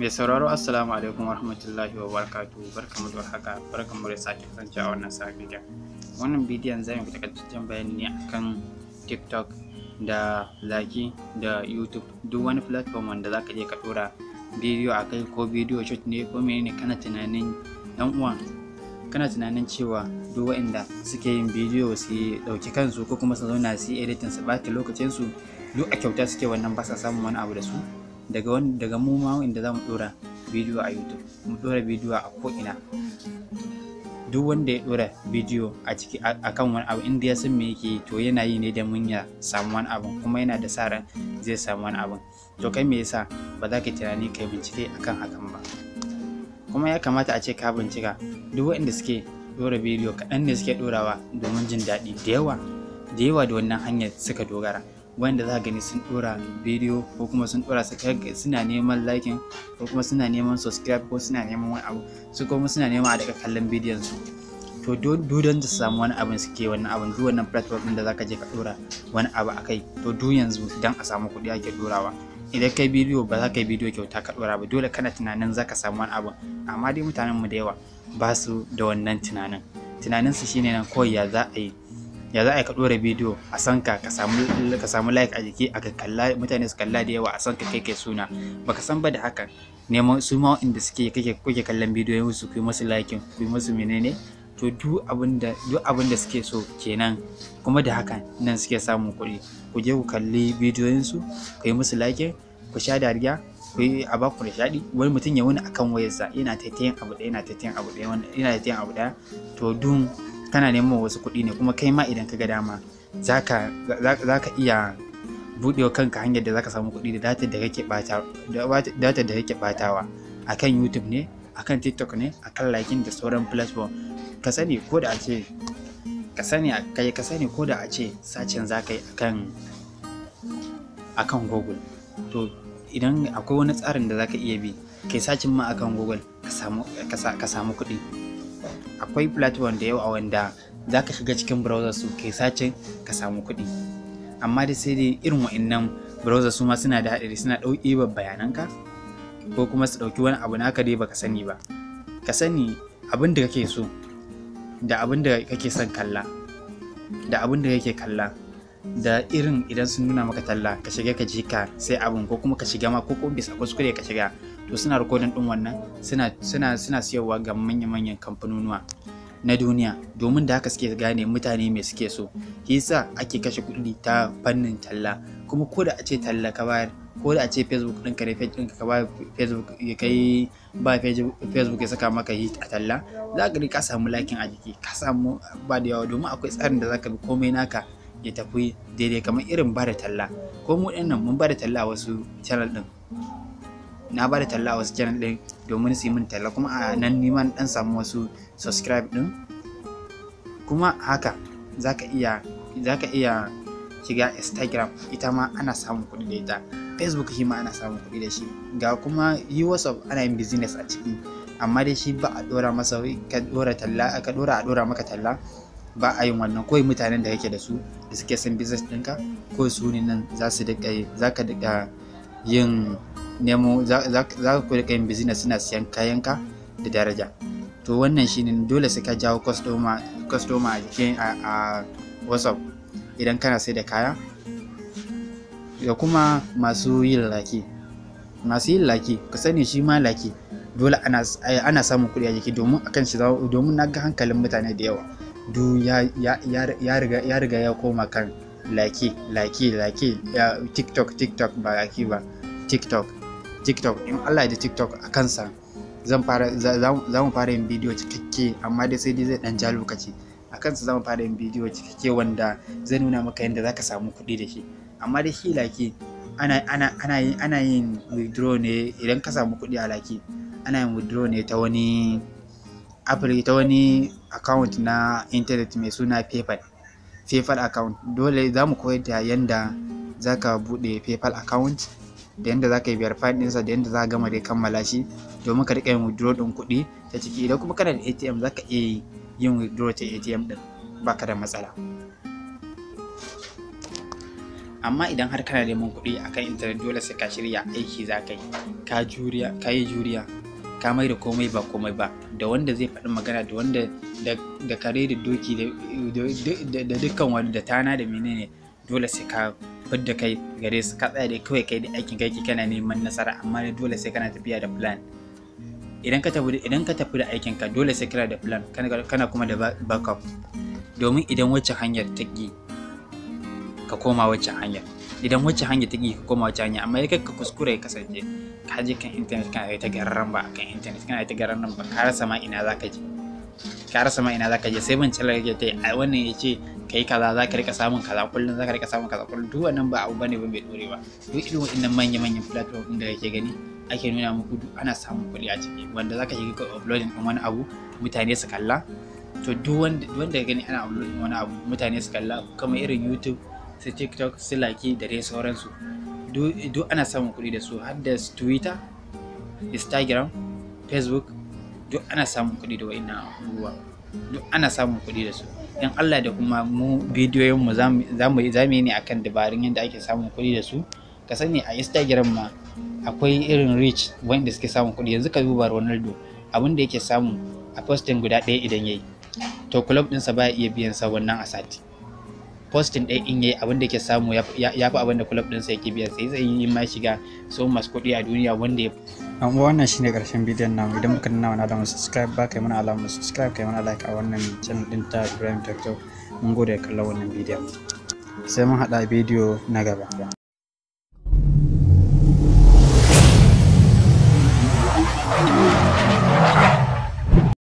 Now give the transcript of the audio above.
Mai sauraro Assalamu alaikum warahmatullahi barkatu. barkamu da haka barkamu da sake kasance a wannan sabon bidiyon. Wannan bidiyon zai yi takaitaccen bayani ne akan TikTok da Zaki da YouTube duk wani platform wanda za ka je ka dora bidiyo a kai ko bidiyo shot ne ko menene kana tunanin dan uwan kana tunanin cewa duk waɗanda suke yin bidiyo su dauki kansu ko kuma su zauna su yi editing su ta lokacin su duk a kyauta suke wannan ba sa samun wani abu da su daga wani daga mu ma inda za mu dora bidiyo a youtube mu dora bidiyo a ko'ina duk wanda ya dora bidiyo a ciki akan wani abu inda ya san me yake to yana yi ne da mun ya samu wani abu kuma yana da sa ran zai samu wani abu to kai me yasa ba za ka tunani kai bincike akan hakan ba kuma ya kamata a ce ka bincika duk waɗanda suke dora bidiyo kaɗan ne suke dorawa domin jin daɗi da yawa da yawa da wannan hanyar suka dogara wanda za gani sun dora bidiyo ko kuma sun dora suna neman likin ko kuma suna neman subscribe ko suna neman wani abu su kuma suna neman a daga kallon bidiyon su to dudon da samu wani abin suke wannan abin duk wannan platform din da zaka je ka dora wani abu akai to duk yanzu idan a samu kuɗi ake dorawa idan kai bidiyo ba za ka yi bidiyo kyauta ka dora ba dole kana tunanin zaka samu wani abu amma dai mutanen mu da yawa ba su da wannan tunanin tunanin su shine nan kawai ya za a yi ya za a yi ka ɗora bidiyo a san ka ka samu like a jiki a ka kalla mutane su kalla da yawa a san ka kai kai suna ka san ba da hakan neman su ma inda suke kake kuke kallon bidiyoyin su ku musu like ku musu menene to duk abin da duk abin da suke so kenan kuma da hakan nan suke samun kuɗi ku je ku kalli bidiyoyin su ku yi musu like ku sha dariya ku yi a baku nishaɗi wani mutum ya wani akan wayarsa yana taitayin abu ɗaya yana taitayin abu ɗaya yana abu ɗaya to dun kana neman wasu kuɗi ne kuma kai ma idan ka ga dama za ka iya buɗewa kanka hanyar da za ka samu kuɗi da datar da kake ɓatawa a kan youtube ne a kan tiktok ne a kan likin da sauran platform ka sani ko da a ce ka sani ko da a ce sacin za ka yi a kan google to idan akwai wani tsarin da za ka iya bi kai sacin ma a kan google ka samu kuɗi akwai platform da yawa wanda za ka shiga cikin browser su ke sacin ka samu kuɗi amma da sai dai irin wa'annan browser su ma suna da haɗari suna ɗauke ba bayananka ko kuma su ɗauki wani abu naka dai baka sani ba ka sani abin da kake so da abin da kake son kalla da abin da kake kalla da irin idan sun nuna maka talla ka shiga ka ji ka sai abin ko kuma ka shiga ma ko bisa kuskure ka shiga to suna rikodin din wannan suna suna siyarwa ga manya-manyan kamfanonuwa na duniya domin da haka suke gane mutane mai suke so yasa ake kashe kuɗi ta fannin talla kuma ko da a ce talla ka bayar ko da a ce facebook din ka din ka ba facebook ya kai ba facebook ya saka maka hit a talla za ka ka samu lakin a jiki ka samu ba da yawa domin akwai tsarin da zaka bi komai naka ya tafi daidai kamar irin ba da talla ko mu ɗin nan mun ba da talla a wasu channel din. na bada talla a wasu channel din domin su yi min talla kuma a nan neman ɗan samu wasu subscribe ɗin? kuma haka zaka iya zaka iya shiga instagram ita ma ana samun kuɗi da ita facebook shi ma ana samun kuɗi da shi ga kuma yi wasu ana yin business a ciki amma dai shi ba a dora masa ka dora a ɗora maka talla ba a yin wannan kawai mutanen da kake da su da suke son business ɗinka ko su ne nan za su ka yin nemo za ka kuri yin business suna siyan kayanka da daraja to wannan shine dole sai ka jawo customer a jikin a whatsapp idan kana sai da kaya da kuma masu yin laki masu yin laki ka sani shi ma laki dole ana samun kuɗi a jiki domin akan shi domin na ga hankalin mutane da yawa du ya riga ya koma kan laki laki laki tiktok tiktok ba laki ba tiktok tiktok in allah da tiktok a kansa fara za mu fara yin bidiyo cikakke amma dai sai dai zai dan ja lokaci a kansa za mu fara yin bidiyo cikakke wanda zai nuna maka yadda za ka samu kuɗi da shi amma dai shi laki ana yin ana yin withdraw ne idan ka samu kuɗi a laki ana yin withdraw ne ta wani apple ta wani account na internet mai suna paypal paypal account dole za mu koyar da yadda za ka buɗe paypal account da yadda za ka yi biyar faɗinsa da yadda za ka gama dai kammala shi domin ka riƙa yin withdraw ɗin kuɗi ta ciki idan kuma kana da atm za ka iya yin withdraw ta atm ɗin ba ka da matsala amma idan har kana neman kuɗi akan intanet dole sai ka shirya aiki za ka yi ka juriya ka yi juriya ka mai da komai ba komai ba da wanda zai faɗi magana da wanda da kare da doki da dukkan wani da tana da menene dole sai ka fidda kai gare su ka tsaya da kawai kai da aikin kai kana neman nasara amma ne dole sai kana tafiya da plan idan ka tafi idan ka tafi da aikin ka dole sai kana da plan kana kuma da backup domin idan wacce hanyar ta ki ka koma wacce hanyar idan wacce hanyar ta ki ka koma wacce hanyar amma idan ka kuskure ka kasance ka je kan internet kana ta gararran ba kan internet kana ta gararran ba ka rasa ma ina za ka je ka rasa ma ina za ka je sai ban calar ya ta yi a wannan ya ce kai kaza za ka rika samun kaza kullum za ka rika samun kaza kullum duk wannan ba abu bane ba mai dorewa duk irin waɗannan manya-manyan platform ɗin da kake gani ake nuna muku duk ana samun kuɗi a ciki wanda za ka shiga ka uploading ɗin wani abu mutane su kalla to duk wanda ya gani ana uploading wani abu mutane su kalla kamar irin YouTube su TikTok su Laki da dai sauransu duk ana samun kuɗi da su har da Twitter Instagram Facebook duk ana samun kuɗi da wa'innan abubuwa duk ana samun kuɗi da su in Allah da kuma mu bidiyoyin mu za mu yi ne akan dabarun yadda ake samun kuɗi da su ka sani a Instagram ma akwai irin reach wanda suke samun kuɗi yanzu ka duba Ronaldo abin da yake samu a posting guda ɗaya idan yayi to club ɗinsa ba iya biyan sa wannan a sati posting ɗaya in yayi abin da ke samu ya fi abin da din sa yake biya sai zai yi ma shiga so masu kuɗi a duniya wanda ya an uwa wannan shine karshen bidiyon namu idan muka nuna wani alamun subscribe ba kai mana alamun subscribe kai mana like a wannan channel ɗin ta Ibrahim Tarjo mun gode kallon wannan bidiyon sai mun haɗa bidiyo na gaba